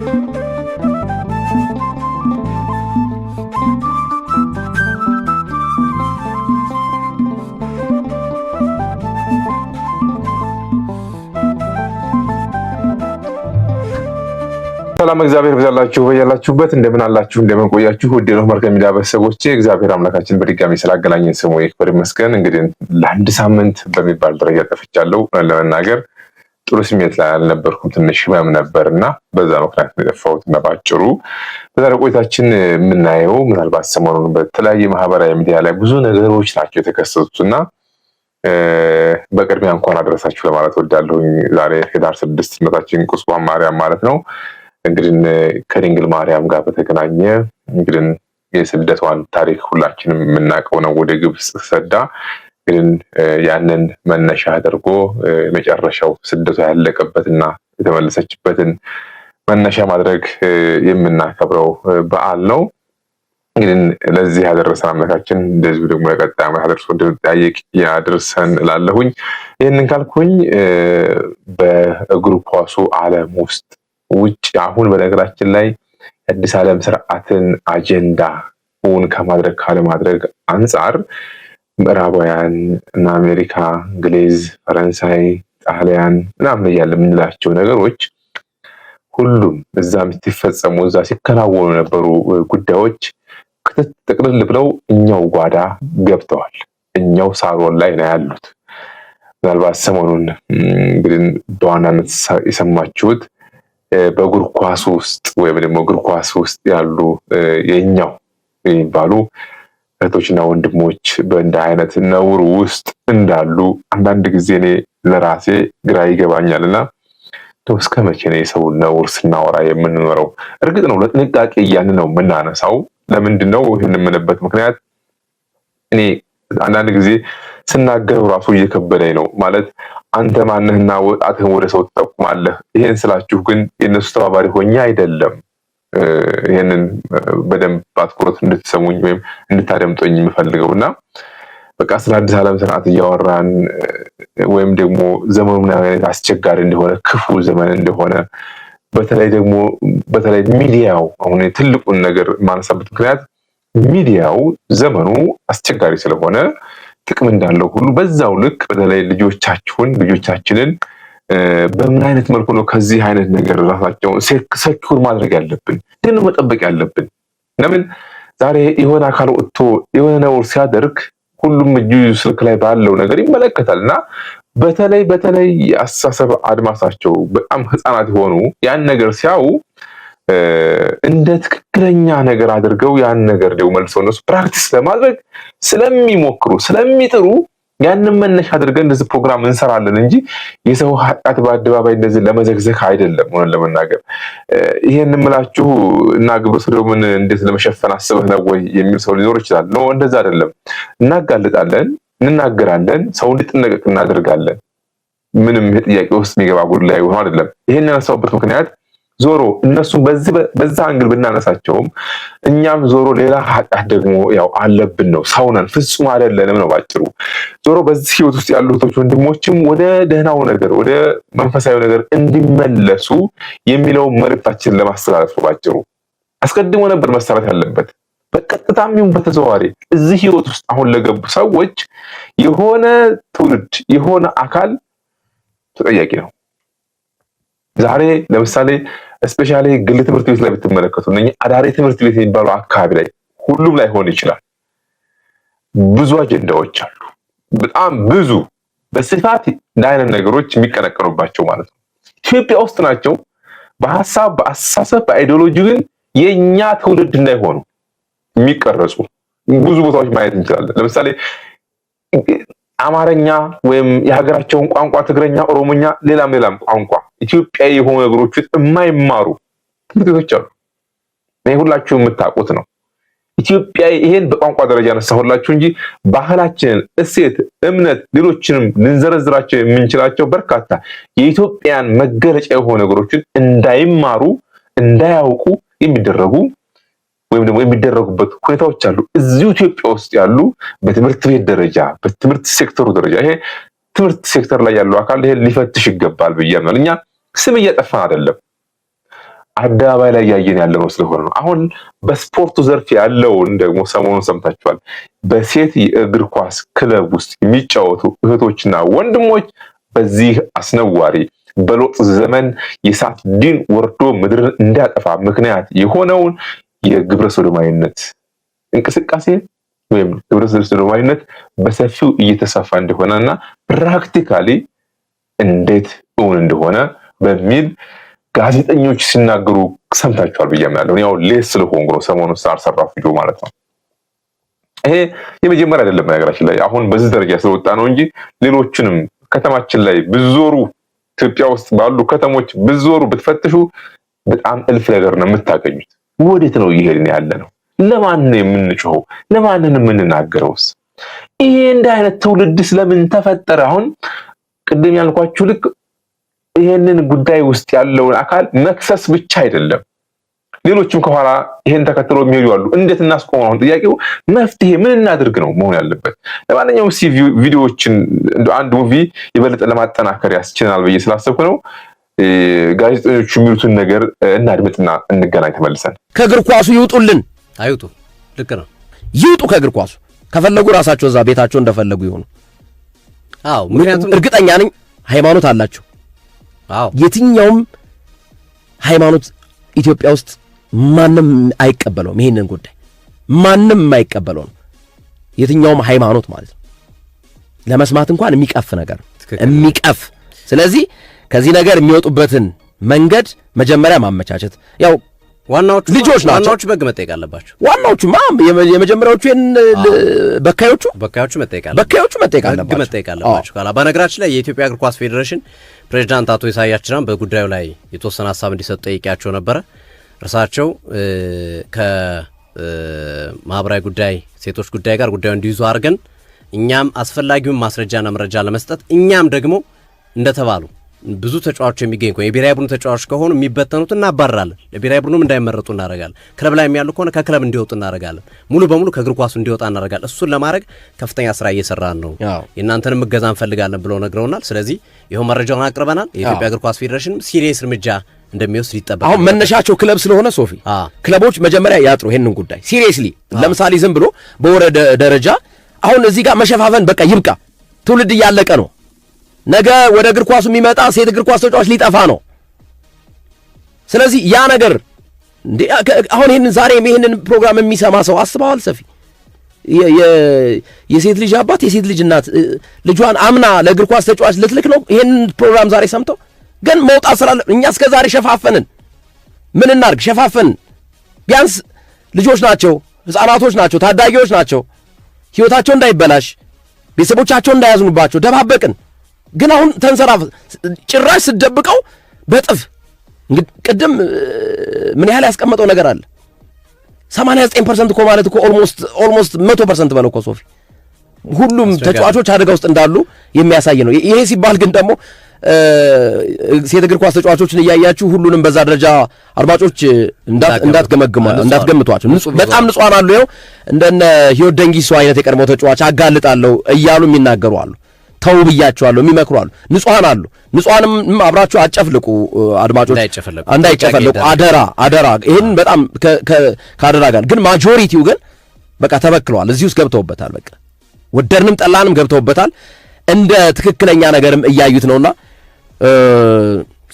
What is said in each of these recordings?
ሰላም እግዚአብሔር ብዛላችሁ በያላችሁበት እንደምን አላችሁ እንደምን ቆያችሁ? ውድ ነው መርከብ ሚዲያ ቤተሰቦቼ እግዚአብሔር አምላካችን በድጋሚ ስላገናኘን ስሙ ይክበር ይመስገን። እንግዲህ ለአንድ ሳምንት በሚባል ደረጃ ጠፍቻለሁ ለመናገር ጥሩ ስሜት ላይ አልነበርኩም። ትንሽ ህመም ነበር እና በዛ ምክንያት ነው የጠፋሁት። እና ባጭሩ በዛሬ ቆይታችን የምናየው ምናልባት ሰሞኑን በተለያየ ማህበራዊ ሚዲያ ላይ ብዙ ነገሮች ናቸው የተከሰቱት እና በቅድሚያ እንኳን አድረሳችሁ ለማለት ወዳለሁኝ። ዛሬ ህዳር ስድስት እናታችን ቁስቋም ማርያም ማለት ነው እንግዲህ ከድንግል ማርያም ጋር በተገናኘ እንግዲህ የስደቷን ታሪክ ሁላችንም የምናውቀው ነው። ወደ ግብፅ ሰዳ ግን ያንን መነሻ አድርጎ የመጨረሻው ስደቷ ያለቀበትና የተመለሰችበትን መነሻ ማድረግ የምናከብረው በዓል ነው። እንግዲህ ለዚህ ያደረሰን አምላካችን እንደዚሁ ደግሞ ለቀጣይ ዓመት አድርሶ እንደምጠያየቅ ያድርሰን እላለሁኝ። ይህንን ካልኩኝ በእግር ኳሱ ዓለም ውስጥ ውጭ አሁን በነገራችን ላይ አዲስ ዓለም ስርዓትን አጀንዳ እውን ከማድረግ ካለማድረግ አንጻር ምዕራባውያን እና አሜሪካ፣ እንግሊዝ፣ ፈረንሳይ፣ ጣሊያን ምናምን እያለ የምንላቸው ነገሮች ሁሉም እዛም ሲፈጸሙ እዛ ሲከናወኑ የነበሩ ጉዳዮች ክትት ጥቅልል ብለው እኛው ጓዳ ገብተዋል። እኛው ሳሮን ላይ ነው ያሉት። ምናልባት ሰሞኑን እንግዲህ በዋናነት የሰማችሁት በእግር ኳስ ውስጥ ወይም ደግሞ እግር ኳስ ውስጥ ያሉ የእኛው የሚባሉ እህቶችና ወንድሞች በእንዲህ አይነት ነውር ውስጥ እንዳሉ አንዳንድ ጊዜ እኔ ለራሴ ግራ ይገባኛል እና እስከ መቼ ነው የሰው ነውር ስናወራ የምንኖረው? እርግጥ ነው ለጥንቃቄ እያን ነው የምናነሳው። ለምንድን ነው ይህን የምንበት ምክንያት እኔ አንዳንድ ጊዜ ስናገረው ራሱ እየከበደኝ ነው። ማለት አንተ ማንህና ወጣትህን ወደ ሰው ትጠቁማለህ? ይሄን ስላችሁ ግን የእነሱ ተባባሪ ሆኜ አይደለም። ይህንን በደንብ በአትኩሮት እንድትሰሙኝ ወይም እንድታደምጦኝ የምፈልገው እና በቃ ስለ አዲስ ዓለም ስርዓት እያወራን ወይም ደግሞ ዘመኑ ምን አይነት አስቸጋሪ እንደሆነ ክፉ ዘመን እንደሆነ በተለይ ደግሞ በተለይ ሚዲያው አሁን ትልቁን ነገር የማነሳበት ምክንያት ሚዲያው ዘመኑ አስቸጋሪ ስለሆነ ጥቅም እንዳለው ሁሉ በዛው ልክ በተለይ ልጆቻችሁን ልጆቻችንን በምን አይነት መልኩ ነው ከዚህ አይነት ነገር ራሳቸውን ሰኪኩር ማድረግ ያለብን? ይህን መጠበቅ ያለብን። ለምን ዛሬ የሆነ አካል ወጥቶ የሆነ ነውር ሲያደርግ ሁሉም እጁ ስልክ ላይ ባለው ነገር ይመለከታል እና በተለይ በተለይ የአስተሳሰብ አድማሳቸው በጣም ህፃናት የሆኑ ያን ነገር ሲያዩ እንደ ትክክለኛ ነገር አድርገው ያን ነገር ደው መልሰው እነሱ ፕራክቲስ ለማድረግ ስለሚሞክሩ ስለሚጥሩ ያንን መነሻ አድርገን እንደዚህ ፕሮግራም እንሰራለን እንጂ የሰው ኃጢአት በአደባባይ እንደዚህ ለመዘግዘግ አይደለም። ሆነን ለመናገር ይሄን የምላችሁ እና ግብረ ሰዶምን እንዴት ለመሸፈን አስበህ ነው ወይ የሚል ሰው ሊኖር ይችላል። ኖ እንደዛ አይደለም። እናጋልጣለን፣ እንናገራለን፣ ሰው እንዲጠነቀቅ እናደርጋለን። ምንም ይህ ጥያቄ ውስጥ የሚገባ ጉዳይ ሆኖ አይደለም። ይሄን ያነሳውበት ምክንያት ዞሮ እነሱም በዛ አንግል ብናነሳቸውም እኛም ዞሮ ሌላ ኃጢአት ደግሞ ያው አለብን ነው። ሰው ነን፣ ፍጹም አይደለንም ነው ባጭሩ። ዞሮ በዚህ ህይወት ውስጥ ያሉ እህቶች ወንድሞችም ወደ ደህናው ነገር ወደ መንፈሳዊ ነገር እንዲመለሱ የሚለው መልእክታችንን ለማስተላለፍ ነው ባጭሩ። አስቀድሞ ነበር መሰራት ያለበት በቀጥታም ይሁን በተዘዋዋሪ እዚህ ህይወት ውስጥ አሁን ለገቡ ሰዎች የሆነ ትውልድ የሆነ አካል ተጠያቂ ነው። ዛሬ ለምሳሌ እስፔሻሊ ግል ትምህርት ቤት ላይ ብትመለከቱ እ አዳሪ ትምህርት ቤት የሚባለው አካባቢ ላይ ሁሉም ላይ ሆን ይችላል። ብዙ አጀንዳዎች አሉ። በጣም ብዙ በስፋት እንዳይነት ነገሮች የሚቀነቀኑባቸው ማለት ነው። ኢትዮጵያ ውስጥ ናቸው። በሀሳብ በአስተሳሰብ በአይዲዮሎጂ ግን የእኛ ትውልድ እንዳይሆኑ የሚቀረጹ ብዙ ቦታዎች ማየት እንችላለን። ለምሳሌ አማርኛ ወይም የሀገራቸውን ቋንቋ ትግረኛ፣ ኦሮሞኛ፣ ሌላም ሌላም ቋንቋ ኢትዮጵያዊ የሆኑ ነገሮችን የማይማሩ ትምህርት ቤቶች አሉ። ይህ ሁላችሁ የምታውቁት ነው። ኢትዮጵያ ይሄን በቋንቋ ደረጃ ያነሳሁላችሁ እንጂ ባህላችንን፣ እሴት፣ እምነት፣ ሌሎችንም ልንዘረዝራቸው የምንችላቸው በርካታ የኢትዮጵያን መገለጫ የሆኑ ነገሮችን እንዳይማሩ እንዳያውቁ የሚደረጉ ወይም ደግሞ የሚደረጉበት ሁኔታዎች አሉ። እዚሁ ኢትዮጵያ ውስጥ ያሉ በትምህርት ቤት ደረጃ በትምህርት ሴክተሩ ደረጃ ይሄ ትምህርት ሴክተር ላይ ያለው አካል ይሄ ሊፈትሽ ይገባል ብያምናል። እኛ ስም እያጠፋን አይደለም፣ አደባባይ ላይ እያየን ያለ ነው ስለሆነ ነው። አሁን በስፖርቱ ዘርፍ ያለውን ደግሞ ሰሞኑን ሰምታችኋል። በሴት የእግር ኳስ ክለብ ውስጥ የሚጫወቱ እህቶችና ወንድሞች በዚህ አስነዋሪ በሎጥ ዘመን የሳት ዲን ወርዶ ምድርን እንዳያጠፋ ምክንያት የሆነውን የግብረ ሶዶማዊነት እንቅስቃሴ ወይም ግብረ ሶዶማዊነት በሰፊው እየተስፋፋ እንደሆነ እና ፕራክቲካሊ እንዴት እውን እንደሆነ በሚል ጋዜጠኞች ሲናገሩ ሰምታችኋል ብዬ አምናለሁ። ያው ሌስ ስለሆንኩ ነው ሰሞኑ ሳር ቪዲዮ ማለት ነው። ይሄ የመጀመሪያ አይደለም ነገራችን ላይ አሁን በዚህ ደረጃ ስለወጣ ነው እንጂ ሌሎችንም ከተማችን ላይ ብዞሩ ኢትዮጵያ ውስጥ ባሉ ከተሞች ብዞሩ ብትፈትሹ በጣም እልፍ ነገር ነው የምታገኙት። ወዴት ነው እየሄድን ያለ ነው? ለማን ነው የምንጮኸው? ለማንን የምንናገረውስ? ይሄ እንዲህ አይነት ትውልድ ስለምን ተፈጠረ? አሁን ቅድም ያልኳችሁ ልክ ይሄንን ጉዳይ ውስጥ ያለውን አካል መክሰስ ብቻ አይደለም፣ ሌሎችም ከኋላ ይሄን ተከትሎ የሚሄዱ አሉ። እንዴት እናስቆመው? አሁን ጥያቄው መፍትሄ ምን እናድርግ ነው መሆን ያለበት። ለማንኛውም ቪዲዮዎችን አንድ ሙቪ የበለጠ ለማጠናከር ያስችለናል ብዬ ስላሰብኩ ነው። ጋዜጠኞቹ የሚሉትን ነገር እናድምጥና እንገናኝ ተመልሰን። ከእግር ኳሱ ይውጡልን። አይውጡ፣ ልክ ነው። ይውጡ ከእግር ኳሱ ከፈለጉ ራሳቸው እዛ ቤታቸው እንደፈለጉ ይሆኑ። አዎ፣ ምክንያቱም እርግጠኛ ነኝ ሃይማኖት አላቸው። አዎ፣ የትኛውም ሃይማኖት ኢትዮጵያ ውስጥ ማንም አይቀበለውም። ይሄንን ጉዳይ ማንም የማይቀበለው ነው። የትኛውም ሃይማኖት ማለት ነው። ለመስማት እንኳን የሚቀፍ ነገር የሚቀፍ ስለዚህ ከዚህ ነገር የሚወጡበትን መንገድ መጀመሪያ ማመቻቸት ያው ዋናዎቹ ልጆች ናቸው። ዋናዎቹ በግ መጠየቅ አለባቸው። ዋናዎቹ ማ የመጀመሪያዎቹ በካዮቹ በካዮቹ መጠየቅ አለባቸው። በካዮቹ መጠየቅ አለባቸው መጠየቅ አለባቸው ካላ በነገራችን ላይ የኢትዮጵያ እግር ኳስ ፌዴሬሽን ፕሬዚዳንት አቶ ኢሳያስ ጅራን በጉዳዩ ላይ የተወሰነ ሀሳብ እንዲሰጡ ጠይቄያቸው ነበረ። እርሳቸው ከማህበራዊ ጉዳይ ሴቶች ጉዳይ ጋር ጉዳዩ እንዲይዙ አድርገን እኛም አስፈላጊውን ማስረጃና መረጃ ለመስጠት እኛም ደግሞ እንደተባሉ ብዙ ተጫዋቾች የሚገኝ ከሆነ የብሔራዊ ቡድኑ ተጫዋቾች ከሆኑ የሚበተኑት እናባራለን። ለብሔራዊ ቡድኑም እንዳይመረጡ እናደርጋለን። ክለብ ላይ ያሉ ከሆነ ከክለብ እንዲወጡ እናደርጋለን። ሙሉ በሙሉ ከእግር ኳሱ እንዲወጣ እናደርጋለን። እሱን ለማድረግ ከፍተኛ ስራ እየሰራን ነው። የእናንተንም እገዛ እንፈልጋለን ብለው ነግረውናል። ስለዚህ ይኸው መረጃውን አቅርበናል። የኢትዮጵያ እግር ኳስ ፌዴሬሽንም ሲሪየስ እርምጃ እንደሚወስድ ይጠበቃል። አሁን መነሻቸው ክለብ ስለሆነ ሶፊ ክለቦች መጀመሪያ ያጥሩ ይህንን ጉዳይ ሲሪየስሊ። ለምሳሌ ዝም ብሎ በወረደ ደረጃ አሁን እዚህ ጋር መሸፋፈን በቃ ይብቃ። ትውልድ እያለቀ ነው። ነገ ወደ እግር ኳሱ የሚመጣ ሴት እግር ኳስ ተጫዋች ሊጠፋ ነው። ስለዚህ ያ ነገር አሁን ይህንን ዛሬ ይህንን ፕሮግራም የሚሰማ ሰው አስበዋል። ሰፊ የሴት ልጅ አባት የሴት ልጅ እናት ልጇን አምና ለእግር ኳስ ተጫዋች ልትልክ ነው። ይህንን ፕሮግራም ዛሬ ሰምተው ግን መውጣት ስላለ እኛ እስከ ዛሬ ሸፋፈንን። ምን እናርግ? ሸፋፈን ቢያንስ ልጆች ናቸው፣ ህጻናቶች ናቸው፣ ታዳጊዎች ናቸው። ህይወታቸው እንዳይበላሽ ቤተሰቦቻቸው እንዳያዝኑባቸው ደባበቅን። ግን አሁን ተንሰራፍ ጭራሽ ስደብቀው በጥፍ እንግዲህ ቅድም ምን ያህል ያስቀመጠው ነገር አለ። 89 ፐርሰንት እኮ ማለት እኮ ኦልሞስት ኦልሞስት 100 ፐርሰንት በለው እኮ ሶፊ፣ ሁሉም ተጫዋቾች አደጋ ውስጥ እንዳሉ የሚያሳይ ነው። ይሄ ሲባል ግን ደግሞ ሴት እግር ኳስ ተጫዋቾችን እያያችሁ ሁሉንም በዛ ደረጃ አድማጮች እንዳትገምቷቸው፣ በጣም ንጹሐን አሉ። ይኸው እንደነ ህይወት ደንጊሶ አይነት የቀድሞ ተጫዋች አጋልጣለሁ እያሉ የሚናገሩ አሉ። ተው ብያቸዋለሁ። የሚመክሩ አሉ፣ ንጹሐን አሉ። ንጹሐንም አብራችሁ አጨፍልቁ አድማጮች፣ እንዳይጨፈልቁ አደራ አደራ። ይህን በጣም ከአደራ ጋር ግን ማጆሪቲው ግን በቃ ተበክለዋል። እዚህ ውስጥ ገብተውበታል። በቃ ወደድንም ጠላንም ገብተውበታል። እንደ ትክክለኛ ነገርም እያዩት ነውና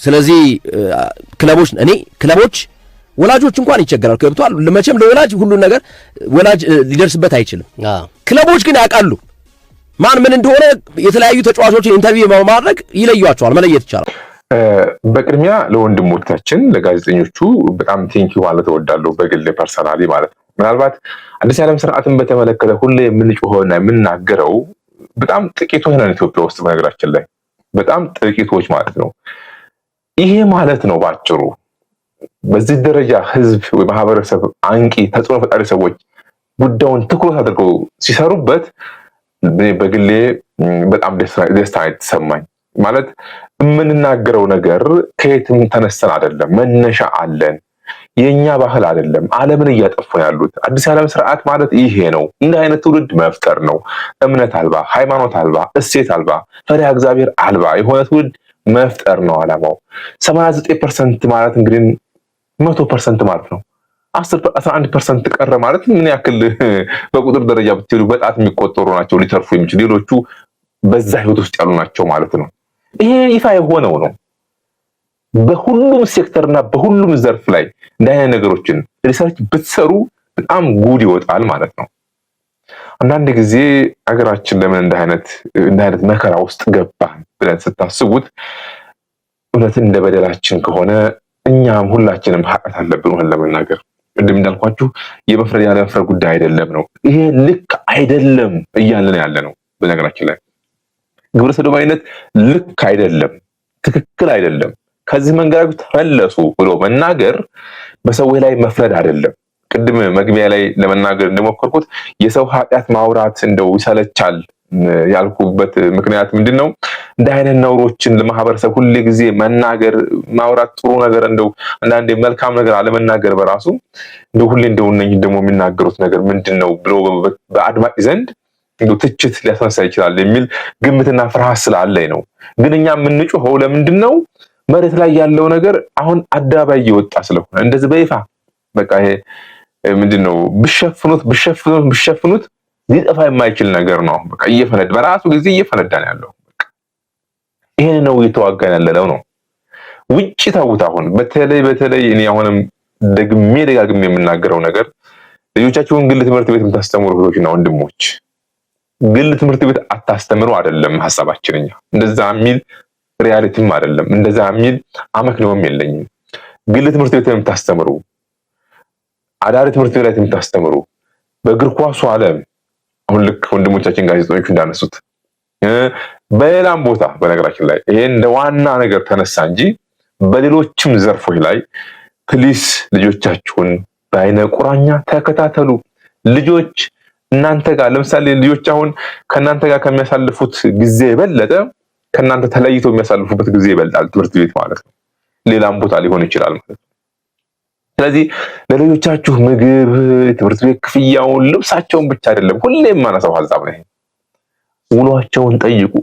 ስለዚህ ክለቦች እኔ ክለቦች ወላጆች እንኳን ይቸገራሉ። ገብቷል። መቼም ለወላጅ ሁሉን ነገር ወላጅ ሊደርስበት አይችልም። ክለቦች ግን ያውቃሉ። ማን ምን እንደሆነ የተለያዩ ተጫዋቾችን ኢንተርቪው በማድረግ ይለዩቸዋል፣ መለየት ይቻላል። በቅድሚያ ለወንድሞቻችን ለጋዜጠኞቹ በጣም ቴንኪ ማለት እወዳለሁ፣ በግል ፐርሰናሊ ማለት ነው። ምናልባት አዲስ ዓለም ስርዓትን በተመለከተ ሁሌ የምንጮኸውና የምናገረው በጣም ጥቂቶች ነን ኢትዮጵያ ውስጥ በነገራችን ላይ በጣም ጥቂቶች ማለት ነው። ይሄ ማለት ነው ባጭሩ በዚህ ደረጃ ህዝብ፣ ወይ ማህበረሰብ አንቂ፣ ተጽዕኖ ፈጣሪ ሰዎች ጉዳዩን ትኩረት አድርገው ሲሰሩበት በግሌ በጣም ደስታ የተሰማኝ ማለት የምንናገረው ነገር ከየትም ተነስተን አይደለም፣ መነሻ አለን። የእኛ ባህል አይደለም። ዓለምን እያጠፉ ያሉት አዲስ ዓለም ስርዓት ማለት ይሄ ነው። እንዲህ አይነት ትውልድ መፍጠር ነው። እምነት አልባ፣ ሃይማኖት አልባ፣ እሴት አልባ፣ ፈሪሃ እግዚአብሔር አልባ የሆነ ትውልድ መፍጠር ነው አላማው ሰማንያ ዘጠኝ ፐርሰንት ማለት እንግዲህ መቶ ፐርሰንት ማለት ነው። 11 ፐርሰንት ቀረ ማለት ምን ያክል በቁጥር ደረጃ ብትሄዱ በጣት የሚቆጠሩ ናቸው ሊተርፉ የሚችሉ ሌሎቹ በዛ ህይወት ውስጥ ያሉ ናቸው ማለት ነው። ይሄ ይፋ የሆነው ነው። በሁሉም ሴክተር እና በሁሉም ዘርፍ ላይ እንዳይነ ነገሮችን ሪሰርች ብትሰሩ በጣም ጉድ ይወጣል ማለት ነው። አንዳንድ ጊዜ ሀገራችን ለምን እንደ አይነት መከራ ውስጥ ገባን ብለን ስታስቡት እውነትን እንደ በደላችን ከሆነ እኛም ሁላችንም ሀቀት አለብን ሆን ለመናገር ቅድም እንዳልኳችሁ የመፍረድ ያለመፍረድ መፍረድ ጉዳይ አይደለም ነው። ይሄ ልክ አይደለም እያለን ያለ ነው። በነገራችን ላይ ግብረ ሰዶማዊነት ልክ አይደለም፣ ትክክል አይደለም፣ ከዚህ መንገዳችሁ ተመለሱ ብሎ መናገር በሰዎች ላይ መፍረድ አይደለም። ቅድም መግቢያ ላይ ለመናገር እንደሞከርኩት የሰው ኃጢአት ማውራት እንደው ይሰለቻል ያልኩበት ምክንያት ምንድን ነው? እንደ አይነት ነውሮችን ለማህበረሰብ ሁል ጊዜ መናገር ማውራት ጥሩ ነገር እንደው አንዳንዴ መልካም ነገር አለመናገር በራሱ እንደ ሁሌ እንደው እነኝህ ደግሞ የሚናገሩት ነገር ምንድን ነው ብሎ በአድማጭ ዘንድ ትችት ሊያስነሳ ይችላል የሚል ግምትና ፍርሃት ስላለኝ ነው። ግን እኛ የምንጮኸው ለምንድን ነው? መሬት ላይ ያለው ነገር አሁን አደባባይ እየወጣ ስለሆነ እንደዚህ በይፋ በቃ ይሄ ምንድን ነው ብሸፍኑት ብሸፍኑት ብሸፍኑት ሊጠፋ የማይችል ነገር ነው። በቃ እየፈነድ በራሱ ጊዜ እየፈነዳ ነው ያለው። ይሄን ነው እየተዋጋን ያለነው ነው። ውጭ ታውት አሁን በተለይ በተለይ እኔ አሁንም ደግሜ ደጋግሜ የምናገረው ነገር ልጆቻችሁን ግል ትምህርት ቤት የምታስተምሩ እህቶችና ወንድሞች ግል ትምህርት ቤት አታስተምሩ አይደለም ሀሳባችን። እኛ እንደዛ የሚል ሪያሊቲም አይደለም እንደዛ የሚል አመክንዮም የለኝም። ግል ትምህርት ቤት የምታስተምሩ አዳሪ ትምህርት ቤት ላይ የምታስተምሩ በእግር ኳሱ ዓለም አሁን ልክ ወንድሞቻችን ጋዜጠኞች እንዳነሱት በሌላም ቦታ በነገራችን ላይ ይሄ እንደ ዋና ነገር ተነሳ እንጂ በሌሎችም ዘርፎች ላይ ፕሊስ ልጆቻችሁን በአይነ ቁራኛ ተከታተሉ። ልጆች እናንተ ጋር ለምሳሌ ልጆች አሁን ከእናንተ ጋር ከሚያሳልፉት ጊዜ የበለጠ ከእናንተ ተለይተው የሚያሳልፉበት ጊዜ ይበልጣል። ትምህርት ቤት ማለት ነው። ሌላም ቦታ ሊሆን ይችላል ማለት ነው። ስለዚህ ለልጆቻችሁ ምግብ፣ ትምህርት ቤት ክፍያውን፣ ልብሳቸውን ብቻ አይደለም ሁሌም ማነሰው ሀሳብ ነው። ውሏቸውን ጠይቁ።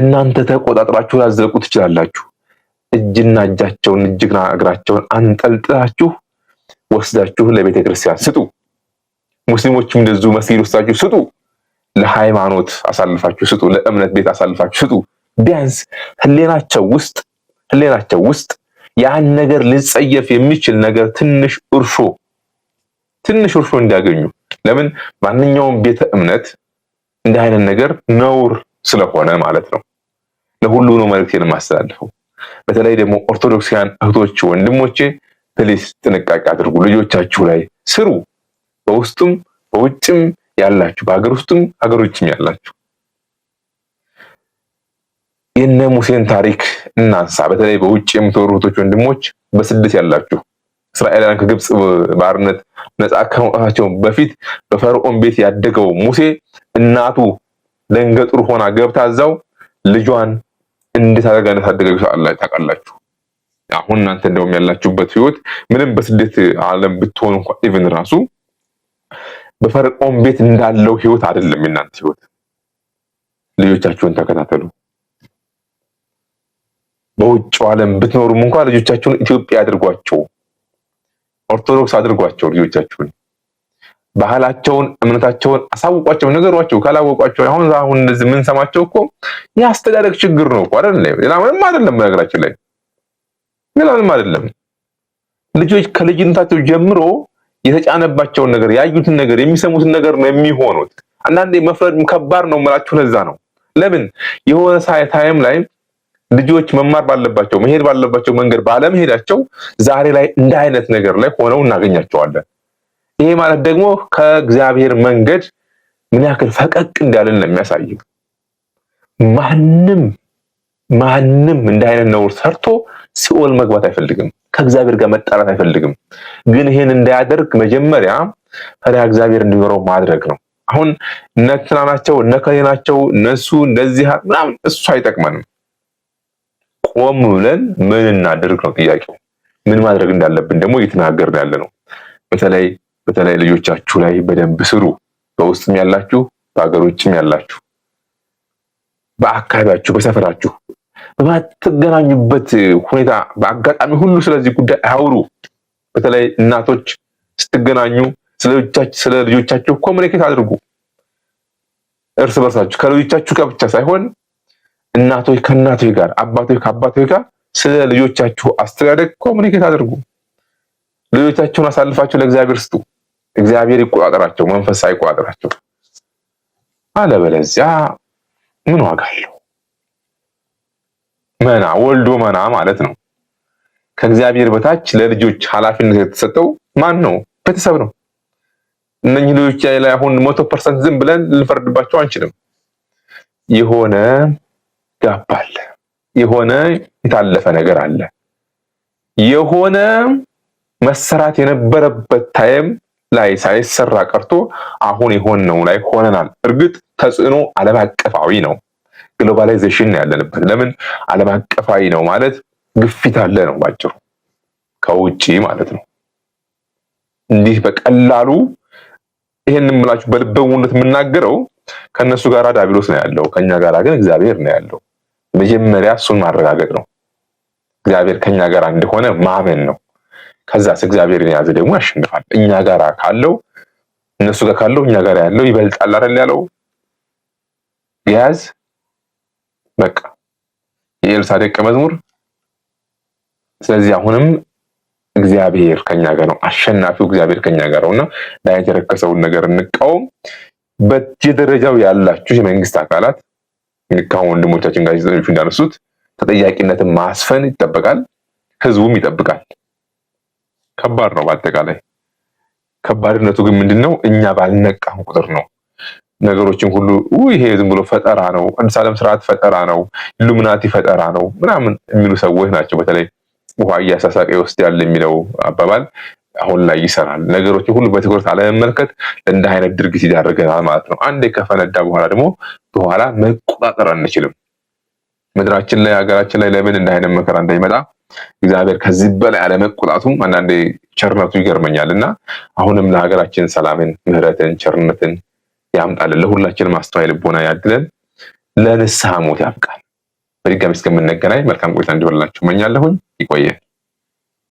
እናንተ ተቆጣጥራችሁ ላዘልቁ ትችላላችሁ። እጅና እጃቸውን እጅግና እግራቸውን አንጠልጥላችሁ ወስዳችሁ ለቤተ ክርስቲያን ስጡ። ሙስሊሞችም እንደዚሁ መስጊድ ወስዳችሁ ስጡ። ለሃይማኖት አሳልፋችሁ ስጡ። ለእምነት ቤት አሳልፋችሁ ስጡ። ቢያንስ ህሌናቸው ውስጥ ህሌናቸው ውስጥ ያን ነገር ልጸየፍ የሚችል ነገር ትንሽ እርሾ ትንሽ እርሾ እንዲያገኙ። ለምን ማንኛውም ቤተ እምነት እንዲህ አይነት ነገር ነውር ስለሆነ ማለት ነው። ለሁሉ ነው መልእክቴን የማስተላልፈው። በተለይ ደግሞ ኦርቶዶክሲያን እህቶች ወንድሞቼ፣ ፕሊስ ጥንቃቄ አድርጉ። ልጆቻችሁ ላይ ስሩ። በውስጡም በውጭም ያላችሁ፣ በሀገር ውስጥም ሀገር ያላችሁ የነ ሙሴን ታሪክ እናንሳ። በተለይ በውጭ የምትኖሩ እህቶች፣ ወንድሞች በስደት ያላችሁ እስራኤላውያን ከግብፅ ባርነት ነፃ ከመውጣታቸው በፊት በፈርዖን ቤት ያደገው ሙሴ እናቱ ደንገጡር ሆና ገብታ እዛው ልጇን እንዴት አደርጋ እንደታደገች ታውቃላችሁ። አሁን እናንተ እንደውም ያላችሁበት ህይወት ምንም በስደት ዓለም ብትሆኑ እንኳ ኢቭን ራሱ በፈርዖን ቤት እንዳለው ህይወት አይደለም የእናንተ ህይወት። ልጆቻችሁን ተከታተሉ። በውጭው ዓለም ብትኖሩም እንኳ ልጆቻችሁን ኢትዮጵያ አድርጓቸው፣ ኦርቶዶክስ አድርጓቸው። ልጆቻችሁን ባህላቸውን፣ እምነታቸውን አሳውቋቸው፣ ነገሯቸው። ካላወቋቸው አሁን አሁን እንደዚህ የምንሰማቸው እኮ የአስተዳደግ ችግር ነው እኮ አይደል? ሌላ ምንም አይደለም። በነገራችን ላይ ሌላ ምንም አይደለም። ልጆች ከልጅነታቸው ጀምሮ የተጫነባቸውን ነገር ያዩትን ነገር የሚሰሙትን ነገር ነው የሚሆኑት። አንዳንዴ መፍረድ ከባድ ነው የምላችሁ ለዛ ነው። ለምን የሆነ ሳይ ታይም ላይ ልጆች መማር ባለባቸው መሄድ ባለባቸው መንገድ ባለመሄዳቸው ዛሬ ላይ እንደ አይነት ነገር ላይ ሆነው እናገኛቸዋለን። ይሄ ማለት ደግሞ ከእግዚአብሔር መንገድ ምን ያክል ፈቀቅ እንዳለን ነው የሚያሳየው። ማንም ማንም እንደ አይነት ነውር ሰርቶ ሲኦል መግባት አይፈልግም፣ ከእግዚአብሔር ጋር መጣራት አይፈልግም። ግን ይሄን እንዳያደርግ መጀመሪያ ፈሪሃ እግዚአብሔር እንዲኖረው ማድረግ ነው። አሁን እነትና ናቸው እነከሌ ናቸው እነሱ እንደዚህ ምናምን እሱ አይጠቅመንም። ቆም ብለን ምን እናድርግ ነው ጥያቄው። ምን ማድረግ እንዳለብን ደግሞ እየተናገርን ያለ ነው። በተለይ በተለይ ልጆቻችሁ ላይ በደንብ ስሩ። በውስጥም ያላችሁ፣ በሀገር ውጭም ያላችሁ፣ በአካባቢያችሁ፣ በሰፈራችሁ፣ በማትገናኙበት ሁኔታ በአጋጣሚ ሁሉ ስለዚህ ጉዳይ አውሩ። በተለይ እናቶች ስትገናኙ ስለ ልጆቻችሁ ኮሚኒኬት አድርጉ እርስ በርሳችሁ ከልጆቻችሁ ጋር ብቻ ሳይሆን እናቶች ከእናቶች ጋር፣ አባቶች ከአባቶች ጋር ስለ ልጆቻችሁ አስተዳደግ ኮሚኒኬት አድርጉ። ልጆቻችሁን አሳልፋችሁ ለእግዚአብሔር ስጡ። እግዚአብሔር ይቆጣጠራቸው፣ መንፈስ አይቆጣጠራቸው። አለበለዚያ ምን ዋጋ አለው? መና ወልዶ መና ማለት ነው። ከእግዚአብሔር በታች ለልጆች ኃላፊነት የተሰጠው ማን ነው? ቤተሰብ ነው። እነኚህ ልጆች ላይ አሁን መቶ ፐርሰንት ዝም ብለን ልንፈርድባቸው አንችልም። የሆነ ያባል። የሆነ የታለፈ ነገር አለ። የሆነ መሰራት የነበረበት ታይም ላይ ሳይሰራ ቀርቶ አሁን የሆነው ላይ ሆነናል። እርግጥ ተጽዕኖ ዓለም አቀፋዊ ነው። ግሎባላይዜሽን ነው ያለንበት። ለምን ዓለም አቀፋዊ ነው ማለት ግፊት አለ ነው ባጭሩ፣ ከውጪ ማለት ነው። እንዲህ በቀላሉ ይሄን የምላችሁ በልበ ሙሉነት የምናገረው ከእነሱ ጋር ዳቢሎስ ነው ያለው፣ ከኛ ጋር ግን እግዚአብሔር ነው ያለው። መጀመሪያ እሱን ማረጋገጥ ነው። እግዚአብሔር ከኛ ጋር እንደሆነ ማመን ነው። ከዛስ እግዚአብሔርን የያዘ ደግሞ ያሸንፋል። እኛ ጋር ካለው እነሱ ጋር ካለው እኛ ጋር ያለው ይበልጣል አይደል ያለው የያዝ በቃ የኤልሳ ደቀ መዝሙር። ስለዚህ አሁንም እግዚአብሔር ከኛ ጋር ነው። አሸናፊው እግዚአብሔር ከኛ ጋር ነውና ላይ የረከሰውን ነገር እንቃወም። በየደረጃው ያላችሁ የመንግስት አካላት ካሁን ወንድሞቻችን ጋዜጠኞቹ እንዳነሱት ተጠያቂነትን ማስፈን ይጠበቃል፣ ህዝቡም ይጠብቃል። ከባድ ነው። በአጠቃላይ ከባድነቱ ግን ምንድን ነው? እኛ ባልነቃን ቁጥር ነው ነገሮችን ሁሉ ይሄ ዝም ብሎ ፈጠራ ነው፣ አዲስ ዓለም ስርዓት ፈጠራ ነው፣ ኢሉሚናቲ ፈጠራ ነው ምናምን የሚሉ ሰዎች ናቸው። በተለይ ውሃ እያሳሳቀ ያለ የሚለው አባባል አሁን ላይ ይሰራል። ነገሮች ሁሉ በትኩረት አለመመልከት እንደ አይነት ድርጊት ይዳርገናል ማለት ነው። አንዴ ከፈነዳ በኋላ ደግሞ በኋላ መቆጣጠር አንችልም። ምድራችን ላይ ሀገራችን ላይ ለምን እንደ አይነት መከራ እንዳይመጣ እግዚአብሔር ከዚህ በላይ አለመቆጣቱም አንዳንዴ ቸርነቱ ይገርመኛል። እና አሁንም ለሀገራችን ሰላምን፣ ምህረትን ቸርነትን ያምጣልን። ለሁላችንም አስተዋይ ልቦና ያድለን። ለንስሐ ሞት ያብቃል። በድጋሚ እስከምንገናኝ መልካም ቆይታ እንዲሆንላችሁ እመኛለሁኝ። ይቆየን።